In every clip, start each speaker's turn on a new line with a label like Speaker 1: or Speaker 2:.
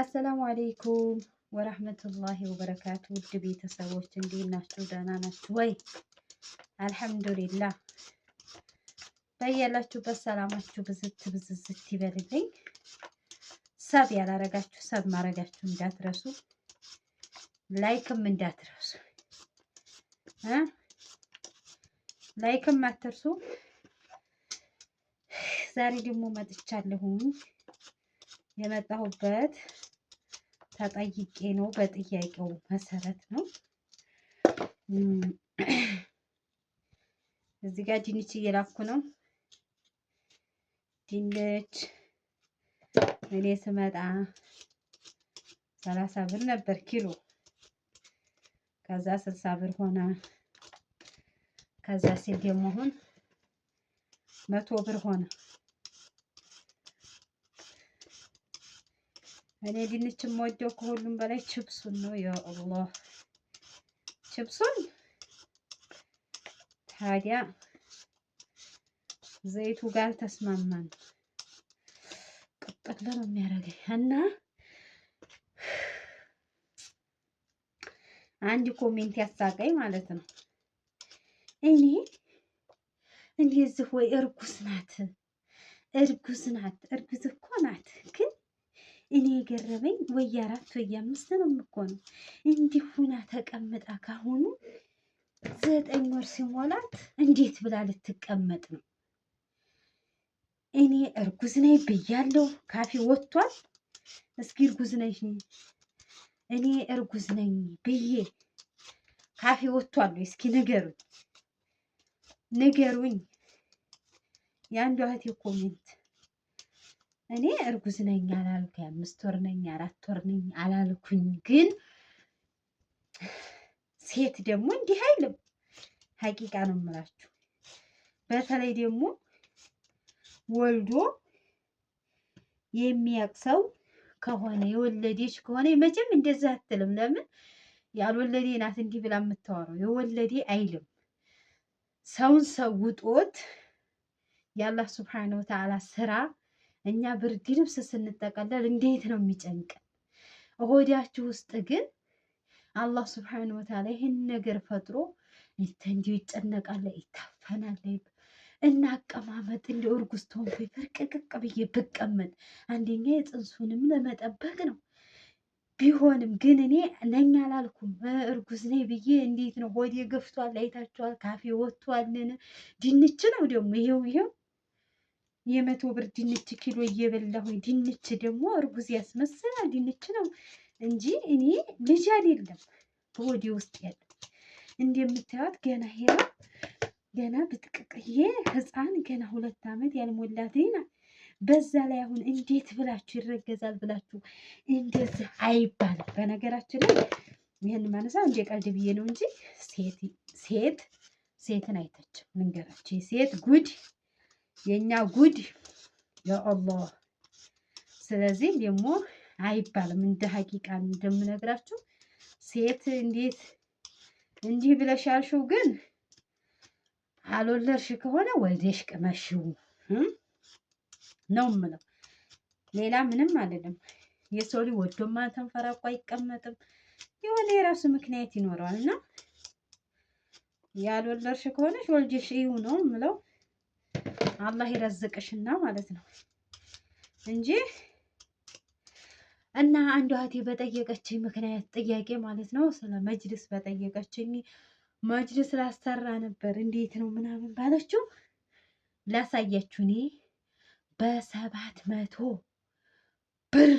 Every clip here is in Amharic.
Speaker 1: አሰላሙ አሌይኩም ወረህመቱላሂ ወበረካቱ። ውድ ቤተሰቦች እንዴት ናችሁ? ደህና ናችሁ ወይ? አልሐምዱሊላህ። በያላችሁበት ሰላማችሁ ብዝት ብዝዝት ይበልልኝ። ሰብ ያላረጋችሁ ሰብ ማረጋችሁ እንዳትረሱ፣ ላይክም እንዳትረሱ፣ ላይክም አትርሱ። ዛሬ ደግሞ መጥቻለሁኝ። የመጣሁበት ተጠይቄ ነው፣ በጥያቄው መሰረት ነው። እዚህ ጋር ድንች እየላኩ ነው። ድንች እኔ ስመጣ ሰላሳ ብር ነበር ኪሎ፣ ከዛ ስልሳ ብር ሆነ፣ ከዛ ሲል ደግሞ አሁን መቶ ብር ሆነ። እኔ ድንች የምወደው ከሁሉም በላይ ችብሱን ነው። ያአላህ ችብሱን ታዲያ ዘይቱ ጋር ተስማማን። ቅጥቅል ነው የሚያደርገኝ እና አንድ ኮሜንት ያሳቀኝ ማለት ነው። እኔ እንደዚህ ወይ እርጉዝ ናት፣ እርጉዝ ናት፣ እርጉዝ እኮ ናት ግን እኔ የገረመኝ ወይ አራት ወይ አምስት ነው እኮ ነው እንዲህ ሁና ተቀምጣ ካሁኑ ዘጠኝ ወር ሲሞላት እንዴት ብላ ልትቀመጥ ነው? እኔ እርጉዝ ነኝ ብያለሁ፣ ካፌ ወጥቷል። እስኪ እርጉዝ ነኝ እኔ እርጉዝ ነኝ ብዬ ካፌ ወጥቷል። እስኪ ንገሩኝ፣ ንገሩኝ የአንዷ እህቴ ኮሜንት እኔ እርጉዝ ነኝ አላልኩ፣ አምስት ወር ነኝ አራት ወር ነኝ አላልኩኝ። ግን ሴት ደግሞ እንዲህ አይልም። ሀቂቃ ነው የምላችሁ። በተለይ ደግሞ ወልዶ የሚያቅ ሰው ከሆነ የወለዴች ከሆነ መቼም እንደዛ አትልም። ለምን ያልወለዴ ናት እንዲህ ብላ የምታወራው የወለዴ አይልም። ሰውን ሰውጦት የአላህ ስብሓን ወተዓላ ስራ እኛ ብርድ ልብስ ስንጠቀለል እንዴት ነው የሚጨንቀን? ሆዳችሁ ውስጥ ግን አላህ ስብሓን ወታላ ይህን ነገር ፈጥሮ እንዲሁ ይጨነቃለ ይታፈናለ እና አቀማመጥ እንደ እርጉዝ ተሆንኩኝ ፍርቅቅቅ ብዬ ብቀመጥ አንደኛ የፅንሱንም ለመጠበቅ ነው። ቢሆንም ግን እኔ ነኝ አላልኩም እርጉዝ ነኝ ብዬ እንዴት ነው ሆዴ ገፍቷል፣ አይታችኋል፣ ካፌ ወጥቷልን ድንች ነው ደግሞ ይሄው ይሄው የመቶ ብር ድንች ኪሎ እየበላሁ ድንች ደግሞ እርጉዝ ያስመስላል። ድንች ነው እንጂ እኔ ልጅ አይደለም በወዴ ውስጥ ያለ እንደምታዩት ገና ሄራ ገና ብጥቅቅዬ ህፃን ገና ሁለት ዓመት ያልሞላት ናት። በዛ ላይ አሁን እንዴት ብላችሁ ይረገዛል ብላችሁ እንደዚህ አይባልም። በነገራችን ላይ ይህን ማነሳ እንደ ቀልድ ብዬ ነው እንጂ ሴት ሴት ሴትን አይተችም። ልንገራችሁ የሴት ጉድ የእኛ ጉድ ያአላህ። ስለዚህ ደግሞ አይባልም እንደ ሀቂቃ እንደምነግራችሁ ሴት እንዴት እንዲህ ብለሽ ያልሽው ግን አልወለድሽ ከሆነ ወልደሽ ቅመሽው ነው የምለው። ሌላ ምንም አልልም። የሰው ልጅ ወዶማ ተንፈራቋ አይቀመጥም። የሆነ የራሱ ምክንያት ይኖረዋል እና ያልወለድሽ ከሆነሽ ወልደሽ ይሁ ነው የምለው። አላህ ይረዝቅሽና ማለት ነው እንጂ እና አንድ እህቴ በጠየቀችኝ ምክንያት ጥያቄ ማለት ነው ስለ መጅልስ በጠየቀችኝ መጅልስ ላሰራ ነበር እንዴት ነው ምናምን ባለችው ላሳያችሁ እኔ በሰባት መቶ ብር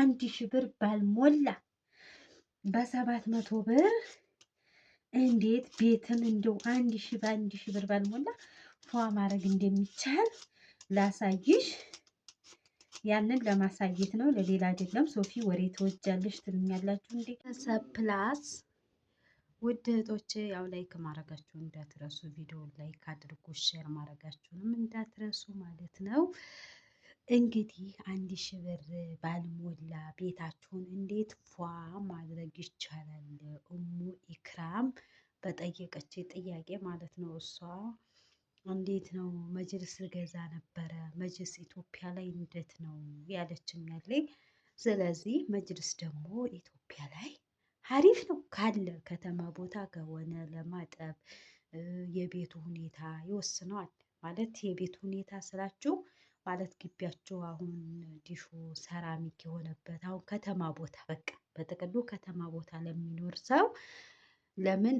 Speaker 1: አንድ ሺ ብር ባልሞላ በሰባት መቶ ብር እንዴት ቤትን እንደው አንድ ሺ በአንድ ሺ ብር ባልሞላ ፏ ማድረግ እንደሚቻል ላሳይሽ ያንን ለማሳየት ነው፣ ለሌላ አይደለም። ሶፊ ወሬ ትወጃለሽ ትልኛላችሁ እንዴ? ሰፕላስ ውድ እህቶቼ፣ ያው ላይክ ማድረጋችሁ እንዳትረሱ፣ ቪዲዮ ላይክ አድርጉ፣ ሼር ማድረጋችሁንም እንዳትረሱ ማለት ነው። እንግዲህ አንድ ሺህ ብር ባልሞላ ቤታችሁን እንዴት ፏ ማድረግ ይቻላል? እሙ ኢክራም በጠየቀች ጥያቄ ማለት ነው እሷ እንዴት ነው መጅልስ ገዛ ነበረ መጅልስ ኢትዮጵያ ላይ እንዴት ነው ያለችኝ ያለኝ። ስለዚህ መጅልስ ደግሞ ኢትዮጵያ ላይ አሪፍ ነው ካለ ከተማ ቦታ ከሆነ ለማጠብ የቤቱ ሁኔታ ይወስነዋል። ማለት የቤቱ ሁኔታ ስላችሁ ማለት ግቢያችሁ አሁን ዲሹ ሰራሚክ የሆነበት አሁን ከተማ ቦታ በቃ በጥቅሉ ከተማ ቦታ ለሚኖር ሰው ለምን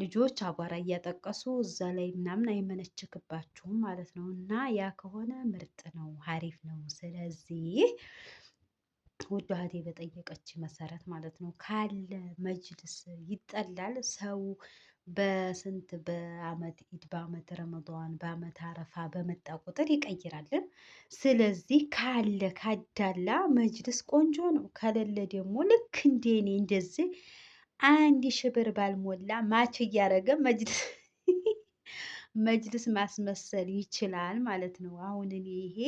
Speaker 1: ልጆች አቧራ እያጠቀሱ እዛ ላይ ምናምን አይመነችክባችሁም ማለት ነው። እና ያ ከሆነ ምርጥ ነው፣ ሀሪፍ ነው። ስለዚህ ውድ እህቴ በጠየቀች መሰረት ማለት ነው ካለ መጅልስ ይጠላል ሰው በስንት በአመት ኢድ በአመት ረመዷን በአመት አረፋ በመጣ ቁጥር ይቀይራልን። ስለዚህ ካለ ካዳላ መጅልስ ቆንጆ ነው፣ ከሌለ ደግሞ ልክ እንደኔ እንደዚህ አንድ ሺህ ብር ባልሞላ ማች እያደረገ መጅልስ ማስመሰል ይችላል ማለት ነው። አሁን እኔ ይሄ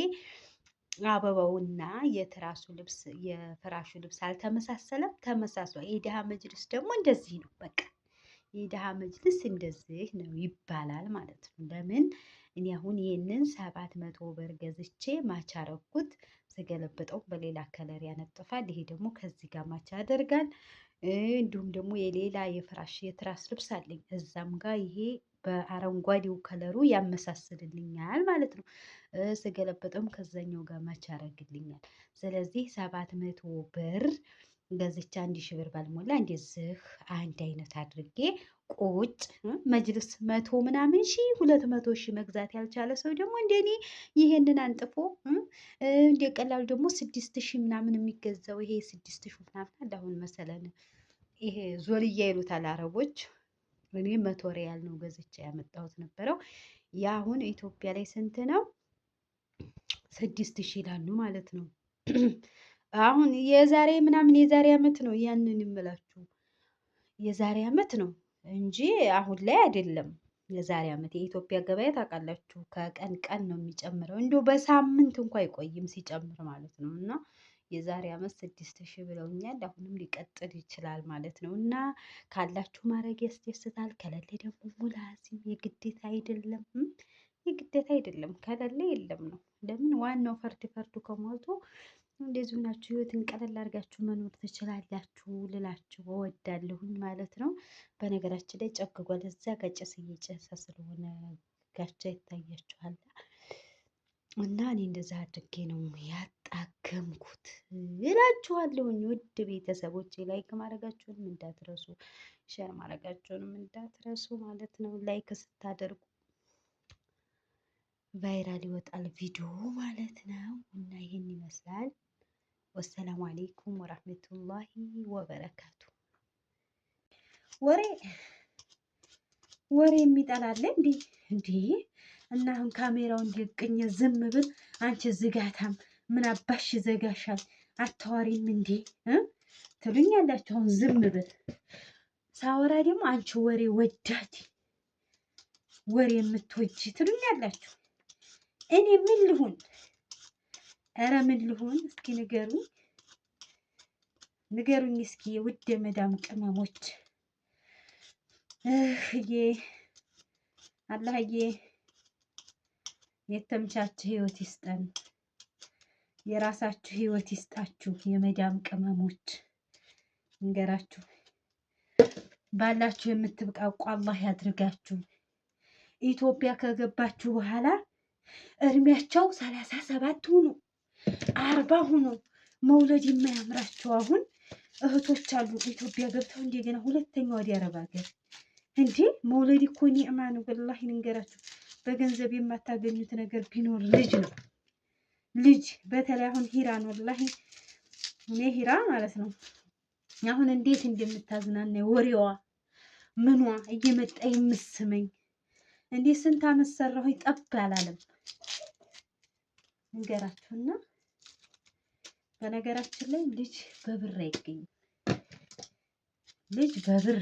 Speaker 1: አበባውና የትራሱ ልብስ የፍራሹ ልብስ አልተመሳሰለም። ተመሳስሏል። የድሃ መጅልስ ደግሞ እንደዚህ ነው። በቃ የድሃ መጅልስ እንደዚህ ነው ይባላል ማለት ነው። ለምን እኔ አሁን ይህንን ሰባት መቶ ብር ገዝቼ ማች አረኩት። ስገለብጠው በሌላ ከለር ያነጥፋል። ይሄ ደግሞ ከዚህ ጋር ማች ያደርጋል። እንዲሁም ደግሞ የሌላ የፍራሽ የትራስ ልብስ አለኝ። እዛም ጋር ይሄ በአረንጓዴው ከለሩ ያመሳስልልኛል ማለት ነው። ስገለበጠም ከዛኛው ጋር ማች ያደርግልኛል። ስለዚህ ሰባት መቶ ብር ገዝቻ አንድ ሺህ ብር ባልሞላ እንደዚህ አንድ አይነት አድርጌ ቁጭ መጅልስ መቶ ምናምን ሺ ሁለት መቶ ሺ መግዛት ያልቻለ ሰው ደግሞ እንደኔ ይሄንን አንጥፎ እንደ ቀላሉ ደግሞ ስድስት ሺ ምናምን የሚገዛው ይሄ ስድስት ሺ ምናምን አሁን መሰለን ይሄ ዞልያ ይሉታል አረቦች። እኔ መቶ ሪያል ነው ገዝቼ ያመጣሁት ነበረው። የአሁን ኢትዮጵያ ላይ ስንት ነው? ስድስት ሺ ይላሉ ማለት ነው። አሁን የዛሬ ምናምን የዛሬ አመት ነው ያንን የምላችሁ የዛሬ አመት ነው እንጂ አሁን ላይ አይደለም። የዛሬ ዓመት የኢትዮጵያ ገበያ ታውቃላችሁ ከቀን ቀን ነው የሚጨምረው። እንዲሁ በሳምንት እንኳ አይቆይም ሲጨምር ማለት ነው እና የዛሬ ዓመት ስድስት ሺህ ብለውኛል። አሁንም ሊቀጥል ይችላል ማለት ነው እና ካላችሁ ማድረግ ያስደስታል። ከሌለ ደግሞ ሙላሲ የግዴታ አይደለም የግዴታ አይደለም ከሌለ የለም ነው። ለምን ዋናው ፈርድ ፈርዱ ከሞቱ እንደዚሁ ናችሁ። ህይወትን ቀለል አድርጋችሁ መኖር ትችላላችሁ ልላችሁ እወዳለሁኝ ማለት ነው። በነገራችን ላይ ጨግጓል። እዛ ጋር ጭስ እየጨሰ ስለሆነ ጋቻ ይታያችኋል። እና እኔ እንደዛ አድርጌ ነው ያጣከምኩት እላችኋለሁኝ። ውድ ቤተሰቦቼ ላይክ ማድረጋችሁንም እንዳትረሱ፣ ሼር ማድረጋችሁንም እንዳትረሱ ማለት ነው። ላይክ ስታደርጉ ቫይራል ይወጣል ቪዲዮ ማለት ነው። እና ይህን ይመስላል። ወሰላሙ አሌይኩም ወራህመቱላሂ ወበረካቱ። ወሬ ወሬ የሚጠላለ እንዴ እንዴ! እና አሁን ካሜራው እንዲቅኝ ዝም ብል አንቺ ዝጋታም ምን አባሽ ዘጋሻል አታዋሪም እንዴ ትሉኛላችሁ። አሁን ዝም ብል ሳወራ ደግሞ አንቺ ወሬ ወዳጅ ወሬ የምትወጂ ትሉኛላችሁ። እኔ ምን ልሁን? ኧረ ምን ልሁን? እስኪ ንገሩኝ ንገሩኝ እስኪ የውድ የመዳም ቅመሞች እህዬ አላህዬ የተምቻችሁ ህይወት ይስጠን። የራሳችሁ ህይወት ይስጣችሁ። የመዳም ቅመሞች እንገራችሁ ባላችሁ የምትብቃቁ አላህ ያድርጋችሁ። ኢትዮጵያ ከገባችሁ በኋላ እድሜያቸው ሰላሳ ሰባት ሁኑ አርባ ሁኑ መውለድ የማያምራቸው አሁን እህቶች አሉ ኢትዮጵያ ገብተው እንደገና ሁለተኛ ወዲ አረብ ሀገር እንዴ መውለድ እኮ ኒዕማ ነው። ወላሂ በገንዘብ የማታገኙት ነገር ቢኖር ልጅ ነው። ልጅ በተለይ አሁን ሂራ ነው ላ እኔ ሂራ ማለት ነው አሁን እንዴት እንደምታዝናና ወሬዋ ምኗ እየመጣ የምስመኝ እንዴ ስንት አመት ሰራሁኝ ጠብ አላለም። እንገራችሁና በነገራችን ላይ ልጅ በብር አይገኝም። ልጅ በብር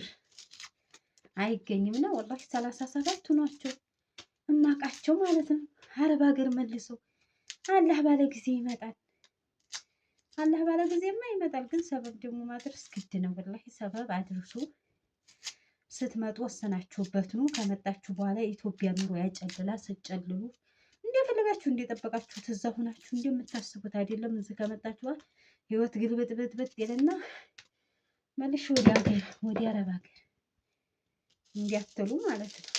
Speaker 1: አይገኝም ነው ወላሂ ሰላሳ ሰባት ሆኗቸው እማቃቸው ማለት ነው። አረብ ሀገር መልሶ አላህ ባለ ጊዜ ይመጣል። አላህ ባለ ጊዜማ ይመጣል፣ ግን ሰበብ ደግሞ ማድረስ ግድ ነው። ወላሂ ሰበብ አድርሱ። ስትመጡ ወሰናችሁበት ነው። ከመጣችሁ በኋላ ኢትዮጵያ ኑሮ ያጨልላ ስትጨልሉ ገቢያችሁ እንደጠበቃችሁ እዛ ሁናችሁ እንደምታስቡት አይደለም። እዚህ ከመጣችኋል ህይወት ግልብጥብጥብጥ ይልና መልሽ ወደ ሀገር ወደ አረብ ሀገር እንዲያትሉ ማለት ነው።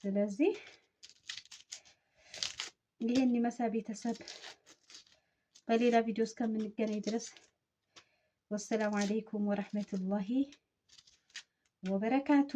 Speaker 1: ስለዚህ ይህን ይመስላል ቤተሰብ። በሌላ ቪዲዮ እስከምንገናኝ ድረስ ወሰላሙ አሌይኩም ወረህመቱላሂ ወበረካቱ።